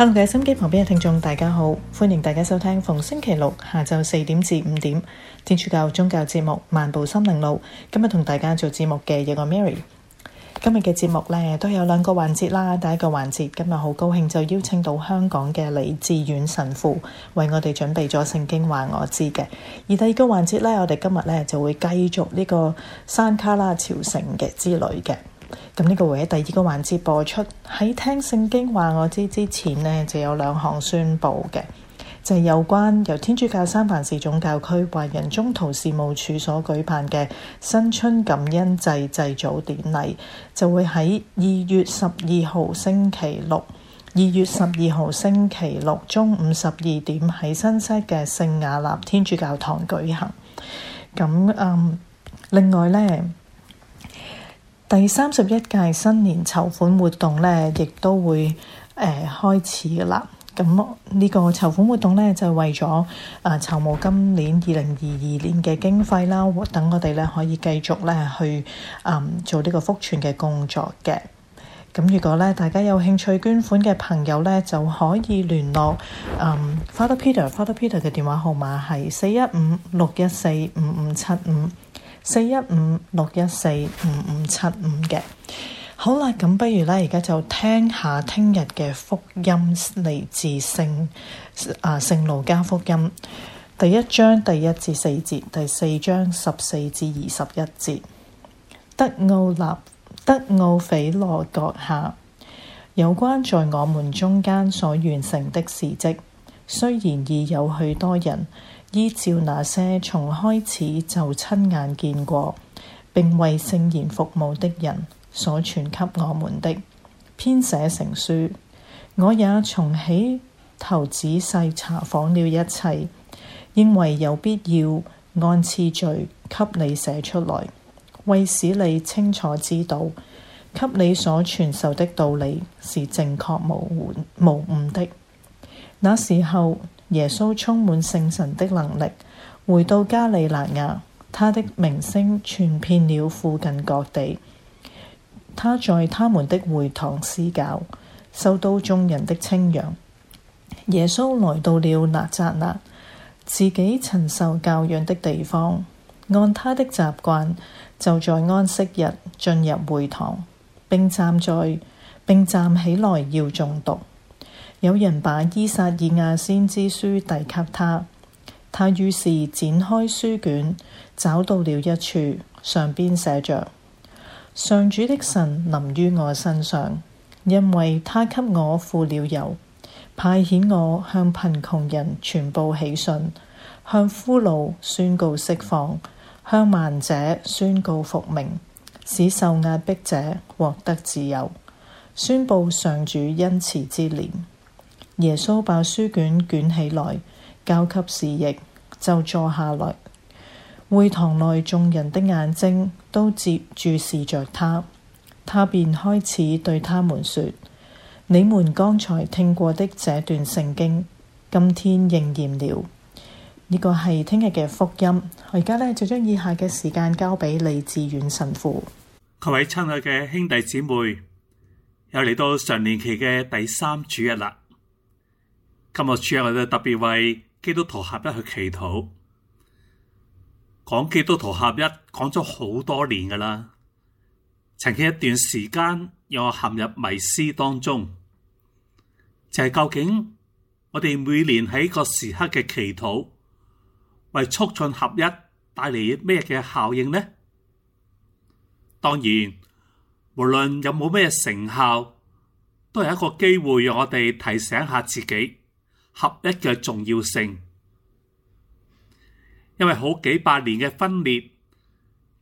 Hello，各位收音機旁邊嘅聽眾，大家好，歡迎大家收聽逢星期六下晝四點至五點天主教宗教節目《漫步心靈路》。今日同大家做節目嘅有一個 Mary。今日嘅節目咧都有兩個環節啦。第一個環節今日好高興就邀請到香港嘅李志遠神父為我哋準備咗聖經話我知嘅。而第二個環節咧，我哋今日咧就會繼續呢個山卡拉朝聖嘅之旅嘅。咁呢個會喺第二個環節播出。喺聽聖經話我知之前呢，就有兩項宣布嘅，就係、是、有關由天主教三藩市總教區華人中途事務處所舉辦嘅新春感恩祭，祭祭祖典禮，就會喺二月十二號星期六，二月十二號星期六中午十二點喺新西嘅聖雅納天主教堂舉行。咁嗯，另外呢。第三十一屆新年籌款活動咧，亦都會誒、呃、開始啦。咁呢、呢個籌款活動咧，就為咗誒籌募今年二零二二年嘅經費啦，等我哋咧可以繼續咧去誒、呃、做呢個福傳嘅工作嘅。咁如果咧大家有興趣捐款嘅朋友咧，就可以聯絡誒、呃、Father Peter，Father Peter 嘅 Father Peter 電話號碼係四一五六一四五五七五。四一五六一四五五七五嘅，好啦，咁不如呢，而家就聽下聽日嘅福音嚟自聖啊聖路加福音第一章第一至四節，第四章十四至二十一節，德奧納德奧斐羅閣下，有關在我們中間所完成的事迹，雖然已有許多人。依照那些從開始就親眼見過，並為聖言服務的人所傳給我們的編寫成書，我也從起頭仔細查訪了一切，認為有必要按次序給你寫出來，為使你清楚知道，給你所傳授的道理是正確無無誤的。那時候。耶穌充滿聖神的能力，回到加里肋亞，他的名聲傳遍了附近各地。他在他們的會堂施教，受到眾人的稱揚。耶穌來到了納匝肋，自己曾受教養的地方，按他的習慣，就在安息日進入會堂，並站在並站起來要誦讀。有人把《依撒意亞先知書》遞給他，他於是展開書卷，找到了一處，上邊寫着：上主的神臨於我身上，因為他給我傅了油，派遣我向貧窮人全部喜訊，向俘虜宣告釋放，向盲者宣告複明，使受壓迫者獲得自由，宣布上主恩慈之年。耶穌把書卷卷捲起來，交給侍役，就坐下來。會堂內眾人的眼睛都接注視着他，他便開始對他們說：你們剛才聽過的這段聖經，今天應驗了。呢、呢個係聽日嘅福音。我而家呢就將以下嘅時間交俾李志遠神父。各位親愛嘅兄弟姊妹，又嚟到常年期嘅第三主日啦。今日主日我哋特別為基督徒合一去祈禱，講基督徒合一講咗好多年噶啦。曾經一段時間讓我陷入迷思當中，就係、是、究竟我哋每年喺個時刻嘅祈禱為促進合一帶嚟咩嘅效應呢？當然，無論有冇咩成效，都係一個機會，讓我哋提醒下自己。合一嘅重要性，因為好幾百年嘅分裂，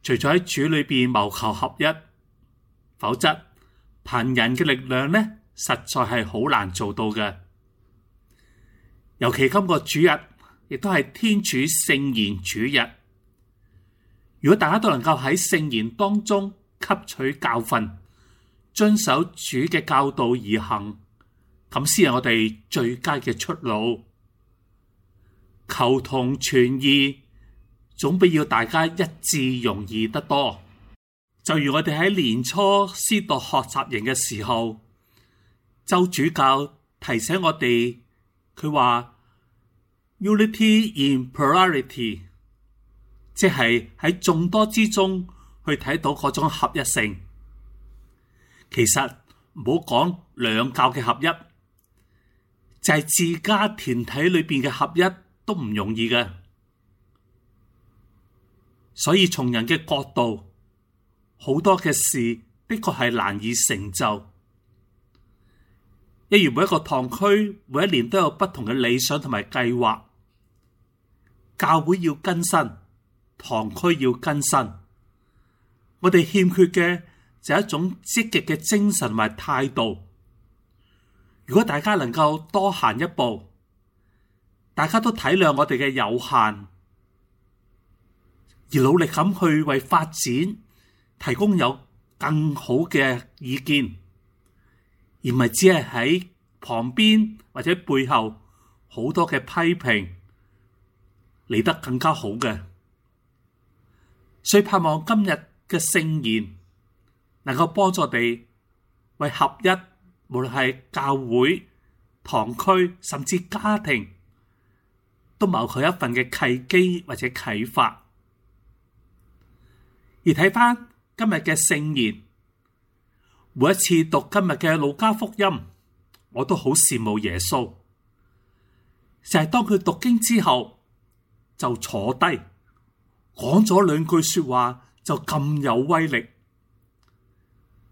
除咗喺主裏邊謀求合一，否則憑人嘅力量呢，實在係好難做到嘅。尤其今個主日，亦都係天主聖言主日。如果大家都能夠喺聖言當中吸取教訓，遵守主嘅教導而行。咁先係我哋最佳嘅出路，求同存異總比要大家一致容易得多。就如我哋喺年初先導學習營嘅時候，周主教提醒我哋，佢話 unity in plurality，即係喺眾多之中去睇到嗰種合一性。其實唔好講兩教嘅合一。就係自家團體裏邊嘅合一都唔容易嘅，所以從人嘅角度，好多嘅事的確係難以成就。一如每一個堂區，每一年都有不同嘅理想同埋計劃，教會要更新，堂區要更新，我哋欠缺嘅就係一種積極嘅精神同埋態度。如果大家能夠多行一步，大家都體諒我哋嘅有限，而努力咁去為發展提供有更好嘅意見，而唔係只係喺旁邊或者背後好多嘅批評嚟，得更加好嘅，所以盼望今日嘅聖言能夠幫助我哋為合一。無論係教會、堂區，甚至家庭，都謀佢一份嘅契機或者啟發。而睇翻今日嘅聖言，每一次讀今日嘅路加福音，我都好羨慕耶穌。就係、是、當佢讀經之後，就坐低講咗兩句說話，就咁有威力。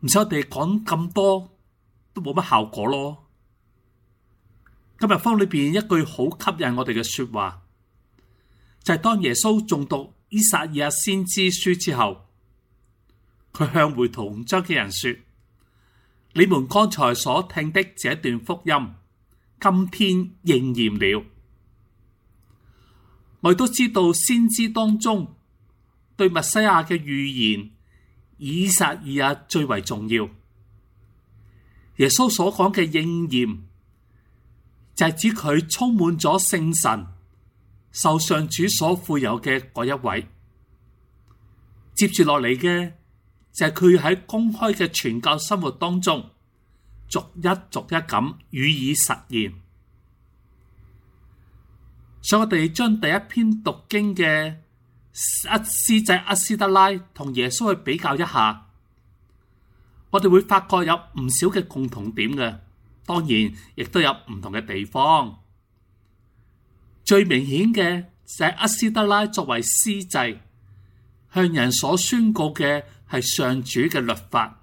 唔使我哋講咁多。都冇乜效果咯。今日方裏邊一句好吸引我哋嘅說話，就係、是、當耶穌誦讀依撒意亞先知書之後，佢向回同會堂裏嘅人說：你們剛纔所聽的這段福音，今天應驗了。我都知道先知當中對默西亞嘅預言，依撒意亞最為重要。耶穌所講嘅應驗，就係、是、指佢充滿咗聖神，受上主所傅油嘅嗰一位。接住落嚟嘅就係佢喺公開嘅傳教生活當中，逐一逐一咁予以實現。所以我哋將第一篇讀經嘅阿施仔阿施德拉同耶穌去比較一下。我哋會發覺有唔少嘅共同點嘅，當然亦都有唔同嘅地方。最明顯嘅就係阿斯德拉作為司祭，向人所宣告嘅係上主嘅律法，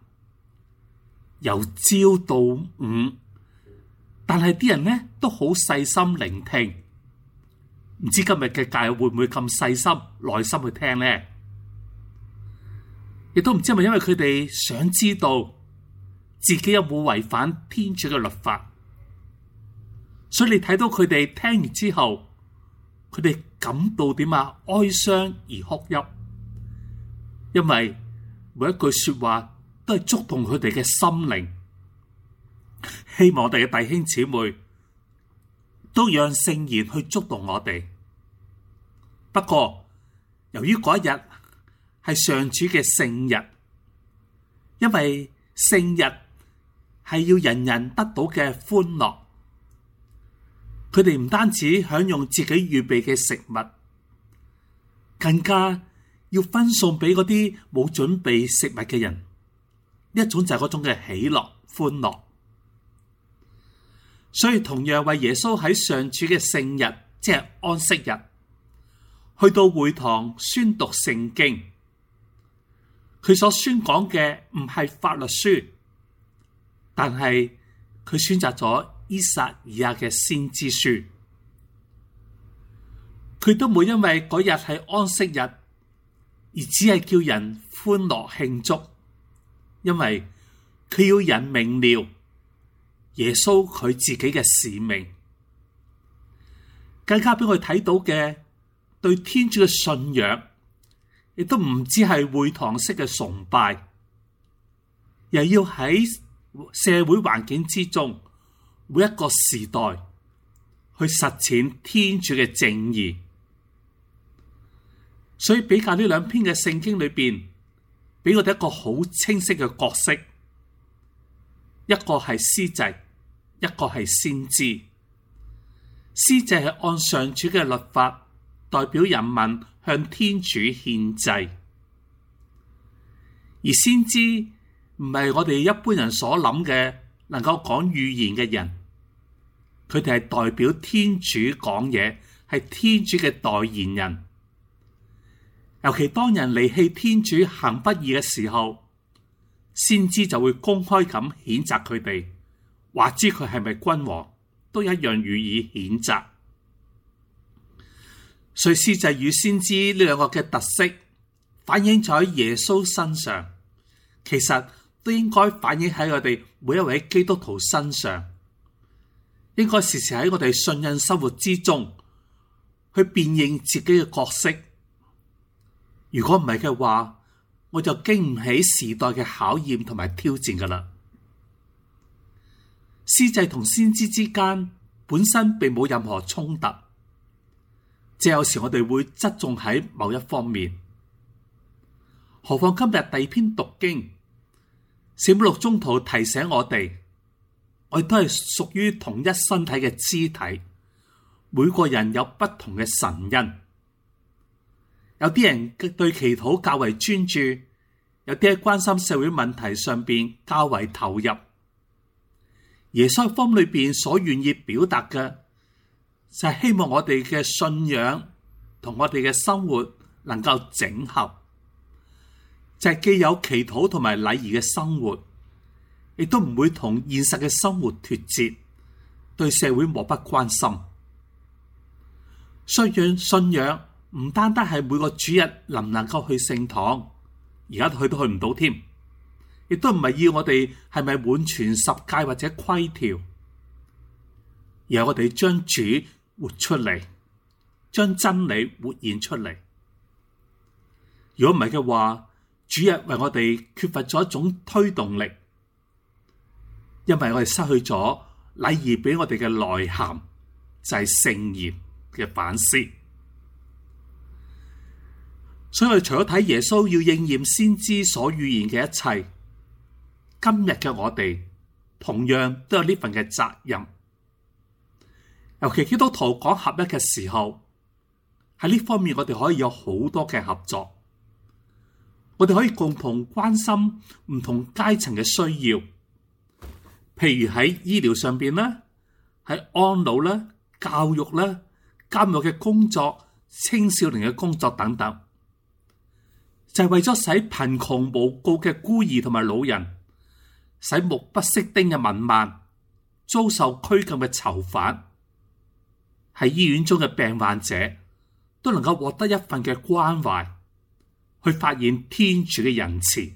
由朝到午。但係啲人呢都好細心聆聽，唔知今日嘅教會會唔會咁細心、耐心去聽呢？亦都唔知係咪因為佢哋想知道自己有冇違反天主嘅律法，所以你睇到佢哋聽完之後，佢哋感到點啊？哀傷而哭泣，因為每一句說話都係觸動佢哋嘅心靈。希望我哋嘅弟兄姊妹都讓聖言去觸動我哋。不過由於嗰一日，係上主嘅聖日，因為聖日係要人人得到嘅歡樂。佢哋唔單止享用自己預備嘅食物，更加要分送俾嗰啲冇準備食物嘅人。一種就係嗰種嘅喜樂、歡樂。所以同樣為耶穌喺上主嘅聖日，即係安息日，去到會堂宣讀聖經。佢所宣講嘅唔係法律書，但係佢選擇咗依撒意亞嘅先知書。佢都冇因為嗰日係安息日而只係叫人歡樂慶祝，因為佢要人明了耶穌佢自己嘅使命，更加俾佢睇到嘅對天主嘅信仰。亦都唔止係會堂式嘅崇拜，又要喺社會環境之中，每一個時代去實踐天主嘅正義。所以比較呢兩篇嘅聖經裏邊，俾我哋一個好清晰嘅角色，一個係司祭，一個係先知。司祭係按上主嘅律法代表人民，向天主獻祭，而先知唔係我哋一般人所諗嘅能夠講預言嘅人，佢哋係代表天主講嘢，係天主嘅代言人。尤其當人離棄天主行不義嘅時候，先知就會公開咁譴責佢哋，話知佢係咪君王都一樣予以譴責。所以，司祭與先知呢兩個嘅特色，反映在耶穌身上，其實都應該反映喺我哋每一位基督徒身上。應該時時喺我哋信任生活之中，去辨認自己嘅角色。如果唔係嘅話，我就經唔起時代嘅考驗同埋挑戰噶啦。司祭同先知之間本身並冇任何衝突。即有時我哋會側重喺某一方面。何況今日第二篇讀經四六中途提醒我哋，我哋都係屬於同一身體嘅肢體，每個人有不同嘅神恩，有啲人對祈禱較為專注，有啲喺關心社會問題上邊較為投入。耶穌方裏邊所願意表達嘅，就係希望我哋嘅信仰同我哋嘅生活能夠整合，就係既有祈禱同埋禮儀嘅生活，亦都唔會同現實嘅生活脱節，對社會漠不關心。信仰信仰唔單單係每個主日能唔能夠去聖堂，而家去都去唔到添，亦都唔係要我哋係咪滿全十誡或者規條，而係我哋將主。活出嚟，將真理活現出嚟。如果唔係嘅話，主日為我哋缺乏咗一種推動力，因為我哋失去咗禮儀畀我哋嘅內涵，就係、是、聖言嘅反思。所以我哋除咗睇耶穌要應驗先知所預言嘅一切，今日嘅我哋同樣都有呢份嘅責任。尤其基督徒講合一嘅時候，喺呢方面我哋可以有好多嘅合作。我哋可以共同關心唔同階層嘅需要，譬如喺醫療上邊啦，喺安老啦、教育啦、監獄嘅工作、青少年嘅工作等等，就係為咗使貧窮無告嘅孤兒同埋老人，使目不識丁嘅文盲遭受拘禁嘅囚犯。喺醫院中嘅病患者都能夠獲得一份嘅關懷，去發現天主嘅仁慈。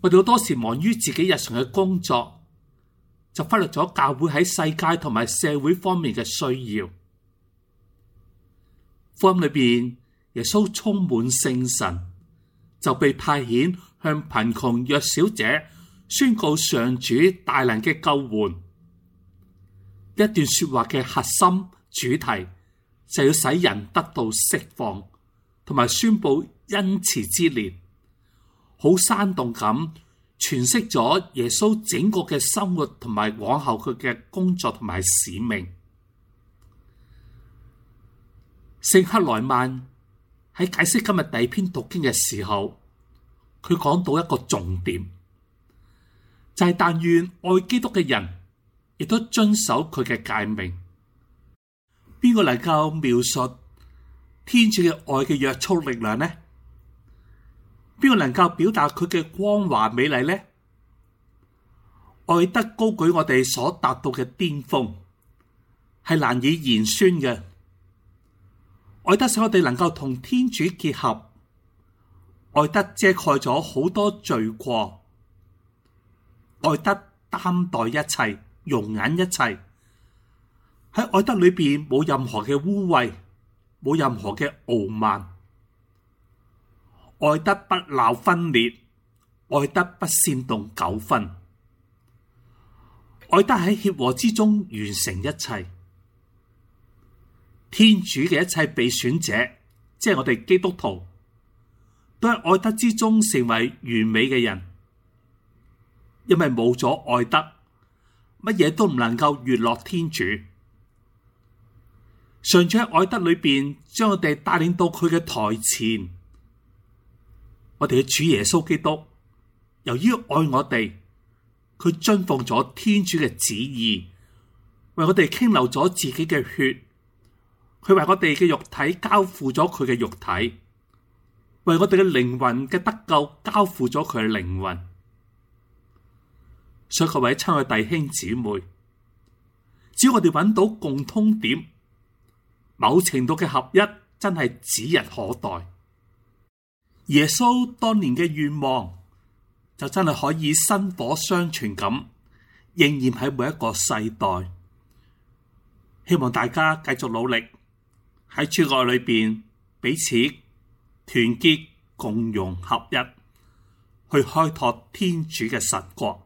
我哋好多時忙於自己日常嘅工作，就忽略咗教會喺世界同埋社會方面嘅需要。福音裏邊，耶穌充滿聖神，就被派遣向貧窮弱小者宣告上主大能嘅救援。一段說話嘅核心主題，就要使人得到釋放，同埋宣布恩慈之年，好煽動咁詮釋咗耶穌整個嘅生活，同埋往後佢嘅工作同埋使命。聖克萊曼喺解釋今日第二篇讀經嘅時候，佢講到一個重點，就係、是、但願愛基督嘅人。亦都遵守佢嘅誡命。邊個能夠描述天主嘅愛嘅約束力量呢？邊個能夠表達佢嘅光華美麗呢？愛德高舉我哋所達到嘅巔峰，係難以言宣嘅。愛德使我哋能夠同天主結合，愛德遮蓋咗好多罪過，愛德擔待一切。容忍一切喺愛德裏邊，冇任何嘅污穢，冇任何嘅傲慢。愛德不鬧分裂，愛德不煽動糾紛，愛德喺協和之中完成一切。天主嘅一切被選者，即係我哋基督徒，都喺愛德之中成為完美嘅人，因為冇咗愛德。乜嘢都唔能夠悅樂天主，上主喺愛德裏邊將我哋帶領到佢嘅台前，我哋嘅主耶穌基督，由於愛我哋，佢遵奉咗天主嘅旨意，為我哋傾流咗自己嘅血，佢為我哋嘅肉體交付咗佢嘅肉體，為我哋嘅靈魂嘅得救交付咗佢嘅靈魂。所以各位親愛弟兄姊妹，只要我哋揾到共通點，某程度嘅合一真係指日可待。耶穌當年嘅願望就真係可以薪火相傳咁，應驗喺每一個世代。希望大家繼續努力喺主愛裏邊，彼此團結、共融、合一，去開拓天主嘅實國。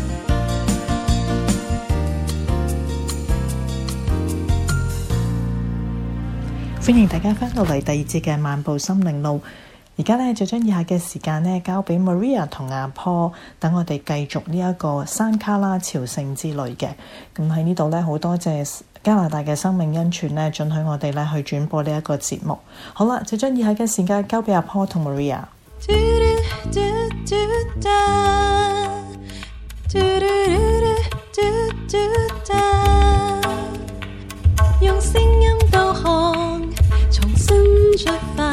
歡迎大家翻到嚟第二節嘅漫步心靈路，而家咧就將以下嘅時間咧交俾 Maria 同阿 Paul，等我哋繼續呢一個山卡拉朝聖之旅嘅。咁喺呢度咧好多謝加拿大嘅生命恩泉咧，准許我哋咧去轉播呢一個節目。好啦，就將以下嘅時間交俾阿 Paul 同 Maria。 用聲音導航，重新出發，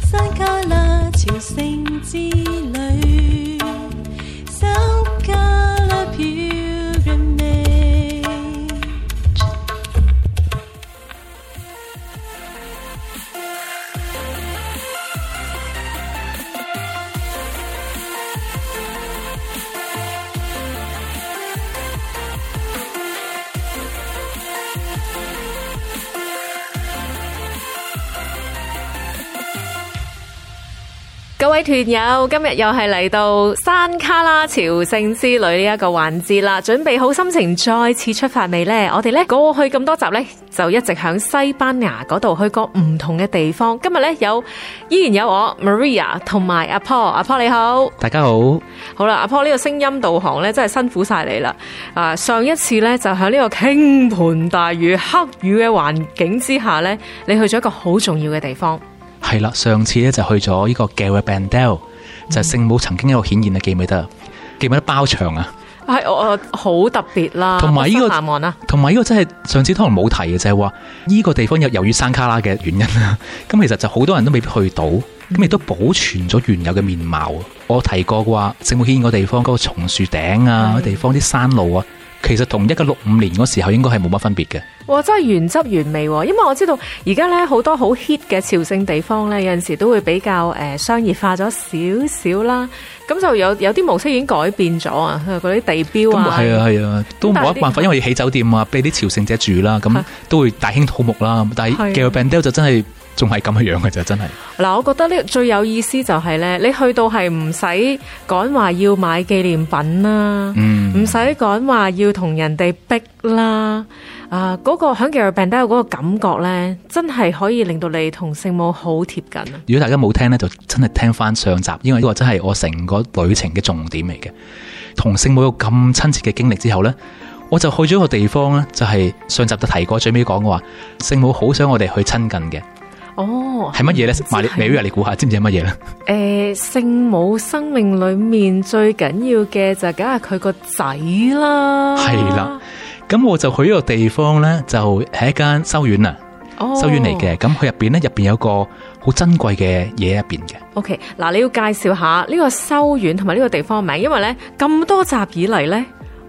世界拉朝聖之旅。各位團友，今日又係嚟到山卡拉朝聖之旅呢一個環節啦，準備好心情再次出發未呢？我哋呢，過去咁多集呢，就一直響西班牙嗰度去過唔同嘅地方。今日呢，有依然有我 Maria 同埋阿 Paul。阿 Paul 你好，大家好好啦，阿 Paul 呢個聲音導航呢，真係辛苦晒你啦。啊，上一次呢，就喺呢個傾盆大雨、黑雨嘅環境之下呢，你去咗一個好重要嘅地方。係啦，上次咧就去咗呢個 Garabandal，就聖母曾經有個顯現嘅，記唔記得？記唔記得包場啊？係、哎、我好特別啦，同埋呢個南岸啦，同埋呢個真係上次可能冇提嘅，就係話呢個地方有由於山卡拉嘅原因啊，咁 其實就好多人都未必去到，咁亦都保存咗原有嘅面貌。我提過嘅話，聖母顯現地、那個啊嗯，個地方嗰個松樹頂啊，嗰個地方啲山路啊。其實同一九六五年嗰時候應該係冇乜分別嘅，哇！真係原汁原味喎，因為我知道而家咧好多好 hit 嘅朝聖地方咧，有陣時都會比較誒、呃、商業化咗少少啦，咁就有有啲模式已經改變咗啊，佢嗰啲地標啊，係啊係啊，都冇乜辦法，是因為要起酒店啊，俾啲朝聖者住啦，咁都會大興土木啦，但係嘅的 b r a 就真係。仲係咁嘅樣嘅就真係。嗱，我覺得呢最有意思就係、是、咧，你去到係唔使講話要買紀念品啦，唔使講話要同人哋逼啦。啊，嗰、那個響《寄居病單》嗰個感覺咧，真係可以令到你同聖母好貼近。如果大家冇聽呢，就真係聽翻上集，因為呢個真係我成個旅程嘅重點嚟嘅。同聖母有咁親切嘅經歷之後咧，我就去咗個地方咧，就係、是、上集都提過最尾講嘅話，聖母好想我哋去親近嘅。哦，係乜嘢咧 m a 你估下，知唔知係乜嘢咧？誒、欸，聖母生命裏面最緊要嘅就梗係佢個仔啦。係啦，咁我就去呢個地方咧，就係一間修院啊，哦、修院嚟嘅。咁佢入邊咧，入邊有個好珍貴嘅嘢入邊嘅。OK，嗱，你要介紹下呢個修院同埋呢個地方嘅名，因為咧咁多集以嚟咧。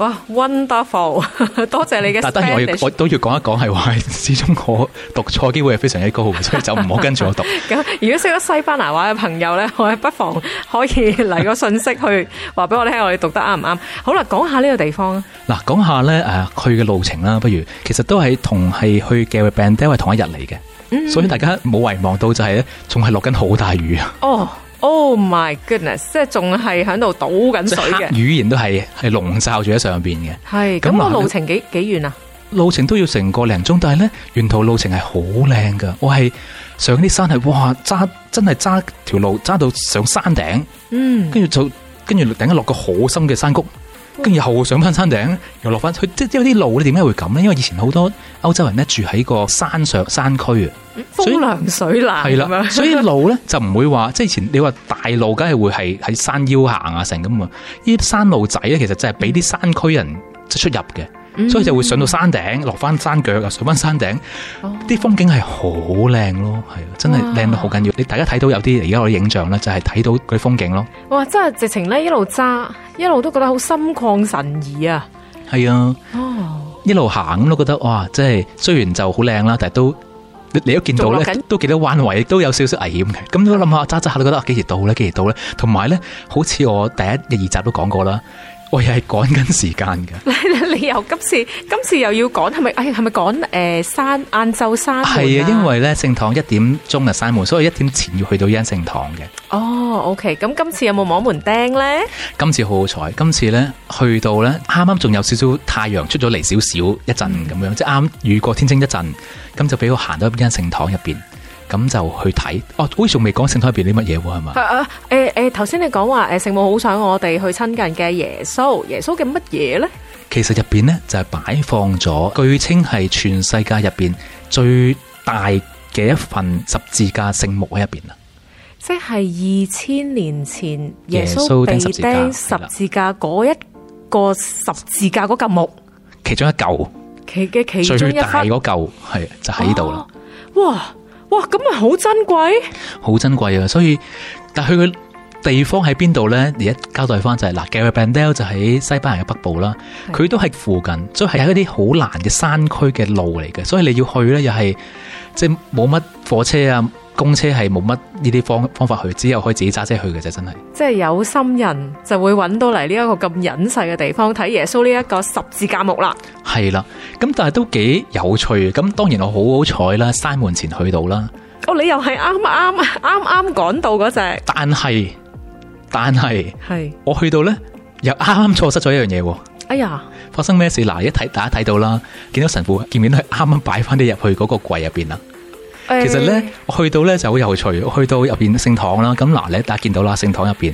哇 Wow ,，Wonderful！ 多謝你嘅。但然我都要講一講，係話始終我讀錯機會係非常之高，所以就唔好跟住我讀。咁 如果識咗西班牙話嘅朋友咧，我不妨可以嚟個信息去話俾我聽，我哋讀得啱唔啱？ 好啦，講下呢個地方啦。嗱，講下咧，誒，去嘅路程啦，不如其實都係同係去嘅 Bandel 係同一日嚟嘅，mm hmm. 所以大家冇遺忘到就係、是、咧，仲係落緊好大雨。哦。Oh. Oh my goodness！即係仲係喺度倒緊水嘅，語言都係係籠罩住喺上邊嘅。係咁個路程幾幾遠啊？路程都要成個零鐘，但係咧，沿途路程係好靚㗎。我係上啲山係，哇！揸真係揸條路揸到上山頂，嗯，跟住就跟住突然落個好深嘅山谷。跟住又上翻山頂，又落翻去。即係有啲路咧，點解會咁咧？因為以前好多歐洲人咧住喺個山上山區啊，風涼水冷係啦，所以路咧就唔會話，即係 以前你話大路梗係會係喺山腰行啊成咁啊，呢啲山路仔咧其實真係俾啲山區人出入嘅。所以就會上到山頂，落翻山腳啊，上翻山頂，啲、哦、風景係好靚咯，係真係靚到好緊要。哇 你大家睇到有啲而家我嘅影像咧，就係睇到嗰啲風景咯。哇，真係直情咧一路揸，一路都覺得好心曠神怡啊！係啊呀，哦、一路行都覺得哇，即係雖然就好靚啦，但係都你,你都見到咧，都幾多彎位，都有少少危險嘅。咁都諗下揸揸下都覺得啊，幾時到咧？幾時到咧？同埋咧，好似我第一第二集都講過啦。我又係趕緊時間嘅， 你又今次今次又要趕係咪？哎，係咪趕誒？三晏晝閂門係啊，因為咧聖堂一點鐘就閂門，所以一點前要去到依間聖堂嘅。哦，OK，咁今次有冇摸門釘咧？今次好好彩，今次咧去到咧啱啱仲有少少太陽出咗嚟少少一陣咁樣，即係啱雨過天晴一陣，咁就俾我行到一間聖堂入邊。咁就去睇，哦，好似仲未講聖堂入邊啲乜嘢喎，係嘛？誒誒、啊，頭、欸、先、欸、你講話誒，聖母好想我哋去親近嘅耶穌，耶穌嘅乜嘢咧？其實入邊咧就係、是、擺放咗，據稱係全世界入邊最大嘅一份十字架聖木喺入邊啦。即係二千年前耶穌釘十字架嗰一個十字架嗰嚿木其其，其中一嚿，其嘅其最大嗰嚿係就喺度啦。哇！哇，咁咪好珍貴，好珍貴啊！所以，但係佢嘅地方喺邊度咧？而家交代翻就係、是、嗱，Garabandal 就喺西班牙嘅北部啦，佢的都係附近，所以係喺一啲好難嘅山區嘅路嚟嘅，所以你要去咧又係即係冇乜火車啊。公車係冇乜呢啲方方法去，只有可以自己揸車去嘅啫，真係。即係有心人就會揾到嚟呢一個咁隱世嘅地方睇耶穌呢一個十字架目啦。係啦，咁但係都幾有趣。咁當然我好好彩啦，閂門前去到啦。哦，你又係啱啱啱啱趕到嗰隻。但係，但係，係，我去到咧，又啱啱錯失咗一樣嘢。哎呀，發生咩事？嗱，一睇大家睇到啦，見到神父見面都係啱啱擺翻啲入去嗰個櫃入邊啦。其實咧，我去到咧，就好有趣。我去到入邊聖堂啦，咁，嗱，你大家見到啦，聖堂入邊，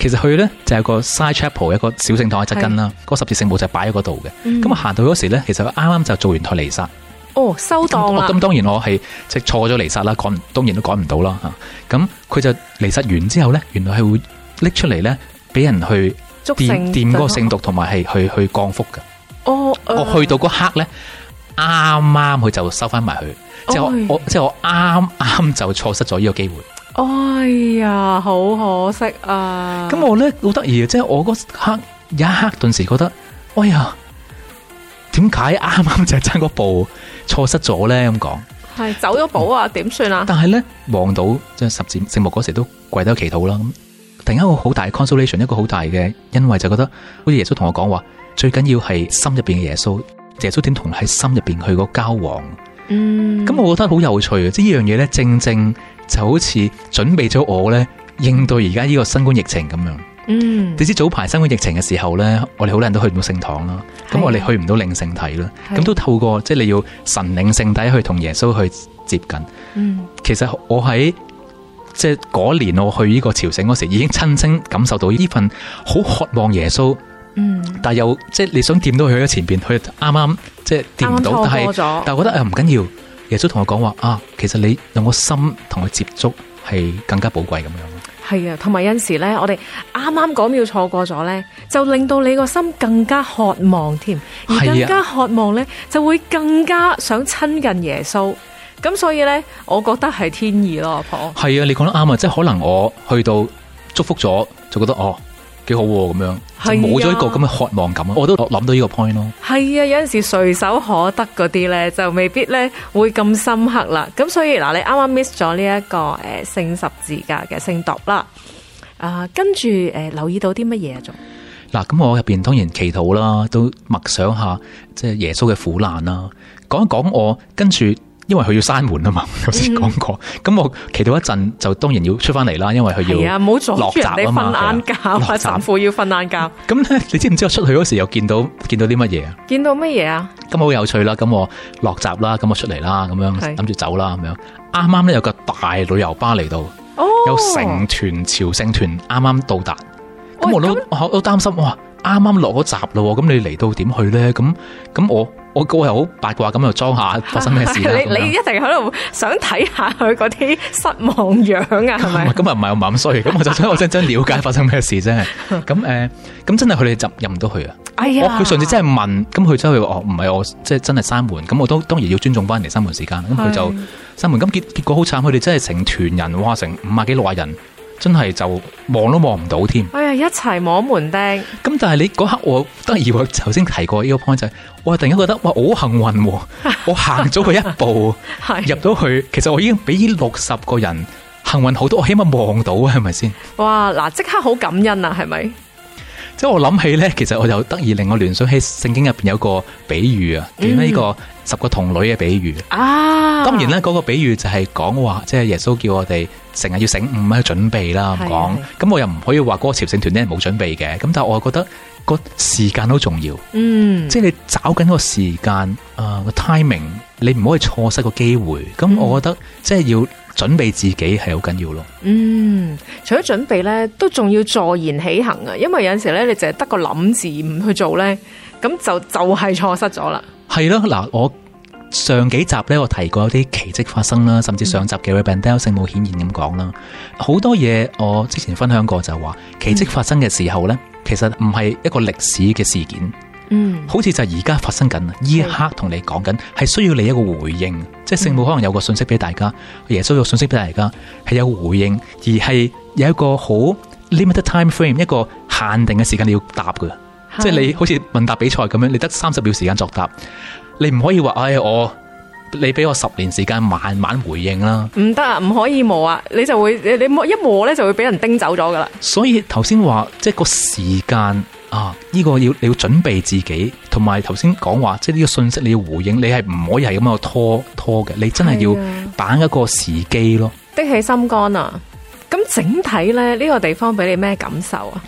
其實去咧就有個 side chapel 一個小聖堂嘅側跟啦，嗰是十字聖母就擺喺嗰度嘅。咁啊，行到嗰時咧，其實佢啱啱就做完台彌撒。哦，收檔啦。咁當然我係即係錯咗彌撒啦，改當然都改唔到啦吓。咁、啊、佢就彌撒完之後咧，原來係會拎出嚟咧，俾人去掂墊個聖毒同埋係去去，去降福嘅。哦，呃、我去到嗰刻咧，啱啱佢就收翻埋去。即係我，哎、呀我即係我啱啱就錯失咗呢個機會。哎呀，好可惜啊！咁我咧好得意啊，即係我嗰刻一刻頓時覺得，哎呀，點解啱啱就差個步錯失咗咧？咁講係走咗步啊，點算啊？但係咧，望到即係十字聖墓嗰時都跪低祈禱啦。咁突然間，一個好大 consolation，一個好大嘅，因為就覺得好似耶穌同我講話，最緊要係心入邊嘅耶穌，耶穌點同喺心入邊去個交往。嗯，咁我覺得好有趣啊！即係呢樣嘢咧，正正就好似準備咗我咧，應對而家呢個新冠疫情咁樣。嗯，你知早排新冠疫情嘅時候咧，我哋好多人都去唔到聖堂啦，咁是我哋去唔到領聖體啦，咁都是透過即係、就是、你要神領聖體去同耶穌去接近。嗯，其實我喺即係嗰年我去呢個朝聖嗰時，已經親身感受到呢份好渴望耶穌。嗯，但又即係你想掂到佢喺前邊，佢啱啱即係掂唔到，但係是但係覺得啊唔緊要，耶穌同我講話啊，其實你有個心同佢接觸係更加寶貴咁樣。係啊，同埋有陣時咧，我哋啱啱嗰秒錯過咗咧，就令到你個心更加渴望添，而更加渴望咧，就會更加想親近耶穌。咁所以咧，我覺得係天意咯，阿婆。係啊，你講得啱啊，即係可能我去到祝福咗，就覺得哦。幾好咁樣，啊、就冇咗一個咁嘅渴望感啊！我都諗到呢個 point 咯。係啊，有陣時隨手可得嗰啲咧，就未必咧會咁深刻啦。咁所以嗱，你啱啱 miss 咗呢一個誒聖、呃、十字架嘅聖髑啦。啊、呃，跟住誒留意到啲乜嘢仲？嗱，咁我入邊當然祈禱啦，都默想下即係耶穌嘅苦難啦。講一講我跟住，因為佢要閂門啊嘛，頭先講過。咁我企到一陣，就當然要出翻嚟啦。因為佢要落閘啊嘛，落閘、啊、要瞓晏覺。咁咧、 嗯，你知唔知我出去嗰時又見到見到啲乜嘢？見到乜嘢啊？咁好有趣啦！咁我落閘啦，咁我出嚟啦，咁樣諗住走啦，咁樣啱啱咧有個大旅遊巴嚟到，哦、有成團朝聖團啱啱到達。咁我都好都擔心，哇！啱啱落咗閘咯，咁你嚟到點去咧？咁咁我。我個又好八卦咁，就裝下發生咩事。啊、你，你一定喺度想睇下佢嗰啲失望樣啊？係咪？ 今日唔係我唔係咁衰，咁 我就想我真真了解，發生咩事啫。咁誒，咁真係佢哋入入唔到去啊？ 呃、去哎呀！佢上次真係問，咁佢真係話哦，唔係我即係真係閂門。咁我都當然要尊重翻人哋閂門時間。咁佢是就閂門。咁結結果好慘，佢哋真係成團人，哇，成五啊幾六啊人。真係就望都望唔到添。哎呀，一齊摸門釘。咁但係你嗰刻我，得意我頭先提過呢個 point 就係，我突然間覺得，哇，好幸運， 我行咗佢一步，入到 是去，其實我已經比六十個人幸運好多，我起碼望到啊，係咪先？哇，嗱，即刻好感恩啊，係咪？即係我諗起咧，其實我就得意令我聯想起聖經入邊有個比喻啊，點呢、嗯、個十個童女嘅比喻啊。當然啦，嗰、那個比喻就係講話，即係耶穌叫我哋。成日要醒悟去是是 準備啦，咁講，咁我又唔可以話嗰個朝聖團啲人冇準備嘅，咁但係我覺得個時間好重要，嗯，即係你找緊個時間啊個 timing，你唔可以錯失個機會，咁我覺得、嗯、即係要準備自己係好緊要咯，嗯，除咗準備咧，都仲要坐言起行啊，因為有陣時咧，你淨係得個諗字唔去做咧，咁就就係、是、錯失咗啦，係咯，嗱我。上幾集咧，我提過有啲奇蹟發生啦，甚至上集嘅瑞賓德聖母顯現咁講啦，好多嘢我之前分享過就話、是、奇蹟發生嘅時候咧，其實唔係一個歷史嘅事件，嗯，好似就而家發生緊，呢一刻同你講緊係需要你一個回應，即係聖母可能有個信息俾大家，嗯、耶穌有信息俾大家，係有個回應，而係有一個好 limited time frame 一個限定嘅時間你要答嘅，嗯、即係你好似問答比賽咁樣，你得三十秒時間作答。你唔可以話，哎我，你俾我十年時間慢慢回應啦，唔得啊，唔可以磨啊，你就會你磨一磨咧，就會俾人叮走咗噶啦。所以頭先話即係個時間啊，呢個要你要準備自己，同埋頭先講話即係呢個信息你要回應，你係唔可以係咁樣拖拖嘅，你真係要把握一個時機咯。啊、的起心肝啊！咁整體咧呢個地方俾你咩感受啊？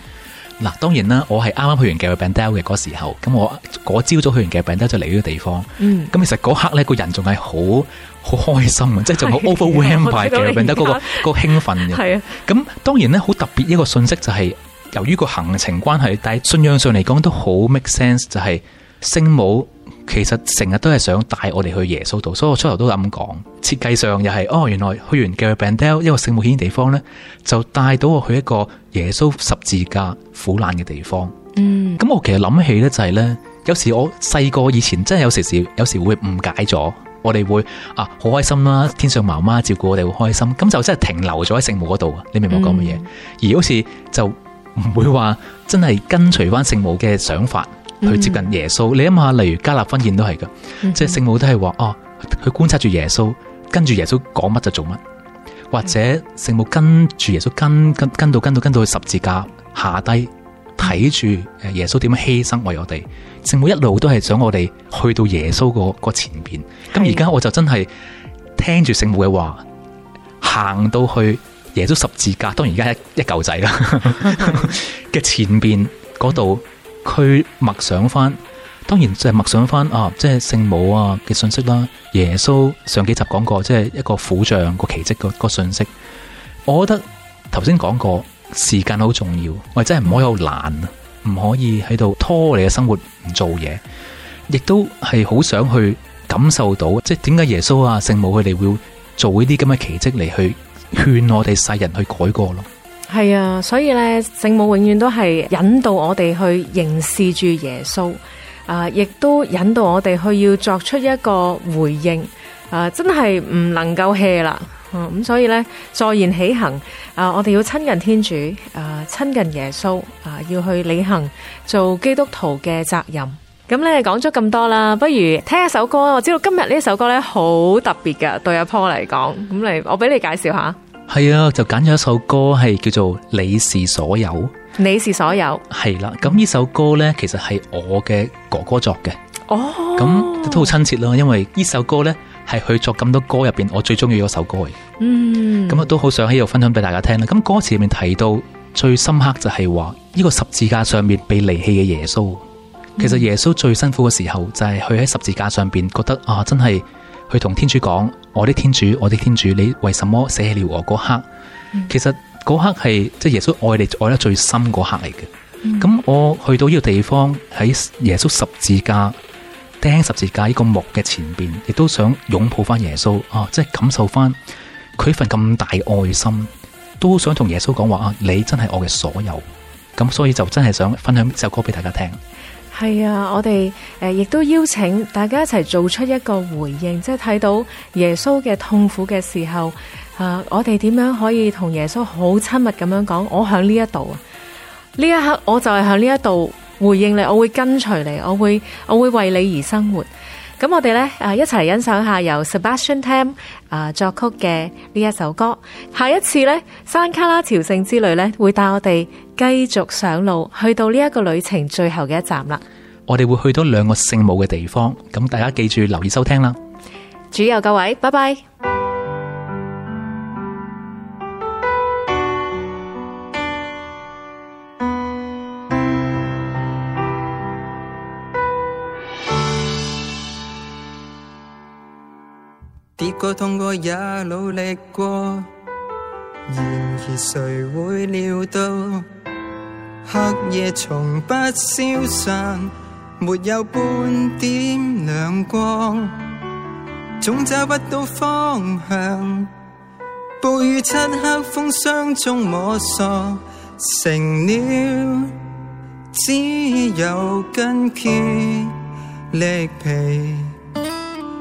嗱，當然啦，我係啱啱去完嘅病得嘅嗰時候，咁我嗰朝早去完嘅病得就嚟呢個地方，咁、嗯、其實嗰刻咧個人仲係好好開心嘅，嗯、即係仲好 overwhelm by 嘅病得嗰、嗰個、嗰個興奮嘅。係啊，咁當然咧好特別一個信息就係、係，由於個行程關係，但係信仰上嚟講都好 make sense 就係、係。聖母其實成日都係想帶我哋去耶穌度，所以我初頭都係咁講。設計上又係哦，原來去完《Garabandal》一個聖母顯嘅地方咧，就帶到我去一個耶穌十字架苦難嘅地方。嗯，咁我其實諗起咧就係咧，有時我細個以前真係有時時有時會誤解咗，我哋會啊好開心啦，天上媽媽照顧我哋會開心，咁就真係停留咗喺聖母嗰度啊！你明唔明我講乜嘢？嗯，而好似就唔會話真係跟隨翻聖母嘅想法。去接近耶穌，你諗下，例如加納婚宴都係噶，即係聖母都係話哦，去、啊、觀察住耶穌，跟住耶穌講乜就做乜，或者聖母跟住耶穌跟跟跟到跟到跟到去十字架下低睇住耶穌點樣犧牲為我哋，聖母一路都係想我哋去到耶穌、個前邊，咁而家我就真係聽住聖母嘅話，行到去耶穌十字架，當然而家一一嚿仔啦嘅前邊嗰度。 佢默想翻，當然即係默想翻啊，即係聖母啊嘅信息啦。耶穌上幾集講過，即係一個苦像個奇蹟個個信息。我覺得頭先講過時間好重要，或者係唔可以懶啊，唔可以喺度拖你嘅生活唔做嘢。亦都係好想去感受到，即係點解耶穌啊、聖母佢哋會做呢啲咁嘅奇蹟嚟去勸我哋世人去改過咯。係啊，所以咧，聖母永遠都係引導我哋去凝視住耶穌，啊，亦都引導我哋去要作出一個回應，啊，真係唔能夠 hea 啦，嗯，咁所以咧，坐言起行，啊，我哋要親近天主，啊，親近耶穌，啊，要去履行做基督徒嘅責任。咁咧講咗咁多啦，不如聽一首歌啊！我知道今日呢一首歌咧好特別㗎，對阿 Paul 嚟講，咁嚟我俾你介紹下。係啊，就揀咗一首歌，係叫做《你是所有》，你是所有，係啦。咁呢首歌呢，其實係我嘅哥哥作嘅。哦，咁都好親切啦。因為呢首歌呢，係佢作咁多歌入邊，我最中意嗰首歌嘅。嗯，咁啊，都好想喺度分享俾大家聽啦。咁歌詞入面提到最深刻就係話，呢個十字架上面被離棄嘅耶穌，其實耶穌最辛苦嘅時候就係佢喺十字架上邊覺得啊，真係。去同天主講，我的天主，我的天主，你為什麼捨棄了我？嗰刻，嗯、其實嗰刻係即係耶穌愛你愛得最深嗰刻嚟嘅。咁、嗯、我去到呢個地方喺耶穌十字架釘十字架呢個木嘅前邊，亦都想擁抱翻耶穌啊！即係感受翻佢份咁大愛心，都想同耶穌講話啊！你真係我嘅所有，咁所以就真係想分享呢首歌俾大家聽。係啊，我哋誒亦都邀請大家一齊做出一個回應，即係睇到耶穌嘅痛苦嘅時候，啊，我哋點樣可以同耶穌好親密咁樣講？我喺呢一度，呢一刻我就係喺呢一度回應你，我會跟隨你，我會我會為你而生活。咁我哋咧，啊一齊欣賞下由 Sebastian Tam 啊作曲嘅呢一首歌。下一次咧，山卡拉朝聖之旅咧，會帶我哋繼續上路，去到呢一個旅程最後嘅一站啦。我哋會去到兩個聖母嘅地方，咁大家記住留意收聽啦。主佑各位，拜拜。痛過也努力過，然而誰會料到黑夜從不消散，沒有半點亮光，總找不到方向，暴雨、漆黑風霜中摸索，成了只有筋竭力疲。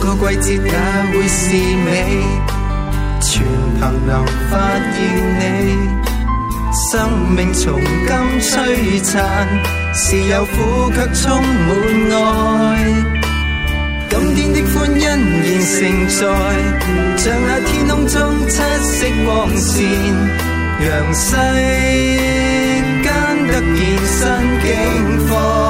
個季節也會是美，全憑能發現你。生命從今璀璨，是有苦卻充滿愛。今天的歡欣現成在，像那天空中七色光線，讓世間得見新境況。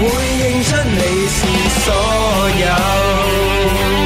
會認出你是所有。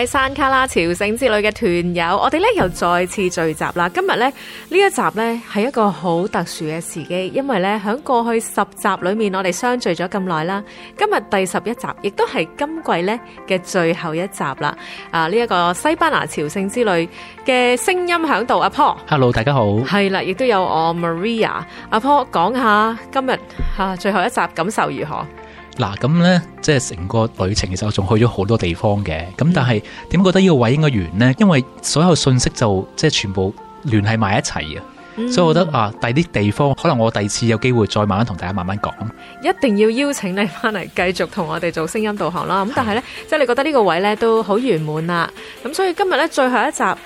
喺山卡拉朝聖之旅嘅團友，我哋咧又再次聚集啦。今日咧呢一集咧係一個好特殊嘅時機，因為咧響過去十集裏面，我哋相聚咗咁耐啦。今日第十一集，亦都係今季咧嘅最後一集啦。啊，呢、這、一個西班牙朝聖之旅嘅聲音響度，阿 Paul。Hello，大家好，係啦，亦都有我 Maria，阿 Paul 講下今日吓、啊、最後一集感受如何？嗱，咁呢，即係成個旅程其實，仲去咗好多地方嘅，咁但係點覺得呢個位應該完呢？因為所有信息就即係全部聯繫埋一齊。嗯、所以我覺得啊，第啲地方可能我第二次有機會再慢慢同大家慢慢講。一定要邀請你翻嚟繼續同我哋做聲音導航啦。咁的但係呢，即係你覺得呢個位呢都好圓滿啦。咁所以今日呢，最後一集，講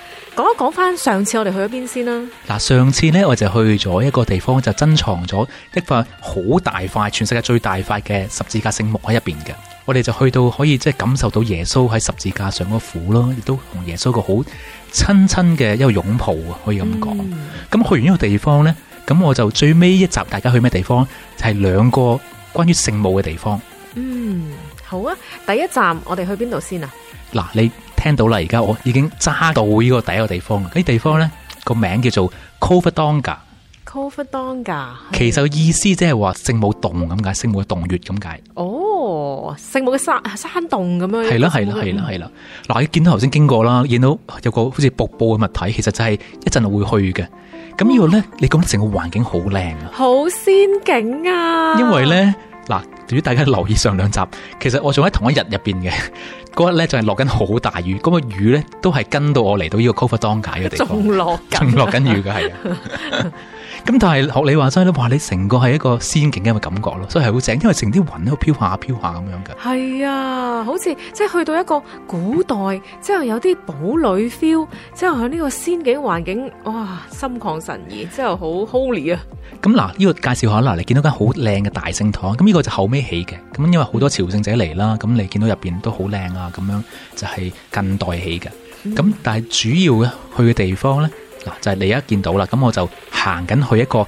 一講翻上次我哋去咗邊先啦。嗱，上次呢，我就去咗一個地方，就珍藏咗一塊好大塊、全世界最大塊嘅十字架聖木喺入邊嘅。我哋就去到可以即係感受到耶穌喺十字架上嗰苦咯，亦都同耶穌個好。親親嘅一個擁抱啊，可以咁講。咁、嗯、去完呢個地方咧，咁我就最尾一集大家去咩地方？就係兩個關於聖母嘅地方。嗯，好啊，第一站我哋去邊度先啊？嗱，你聽到啦，而家我已經揸到呢個第一個地方。呢個地方咧，個名叫做 Covadonga。Covadonga 其實意思即係話聖母洞咁解，聖母嘅洞穴咁解。哦。哦，聖母嘅山山洞咁樣，係啦係啦係啦係啦，嗱，你見到頭先經過啦，見到、呃呃呃呃呃呃、有個好似瀑布嘅物體，其實就係一陣會去嘅。咁呢哇個咧，你覺得成個環境好靚啊？好仙境啊！因為咧，嗱、呃，對、呃、於大家留意上兩集，其實我仲喺同一日入邊嘅，嗰日咧就係落緊好大雨，咁、那個雨咧都係跟到我嚟到呢個 Cofer 當街嘅地方，落緊，仲落緊雨嘅係。 咁但係學你話齋咧，哇！你成個係一個仙境嘅感覺咯，所以係好正，因為成啲雲喺度飄下飄下咁樣嘅。係啊，好似即係去到一個古代，嗯、即係有啲堡壘 feel，即係喺呢個仙境環境，哇！心曠神怡，即係好 holy 啊！咁嗱，呢個介紹下嗱，你見到間好靚嘅大聖堂，咁呢個就後尾起嘅，咁因為好多朝聖者嚟啦，咁你見到入邊都好靚啊，咁樣就係近代起嘅，咁、嗯、但係主要嘅去嘅地方咧。嗱，就係你一見到啦，咁我就行緊去一個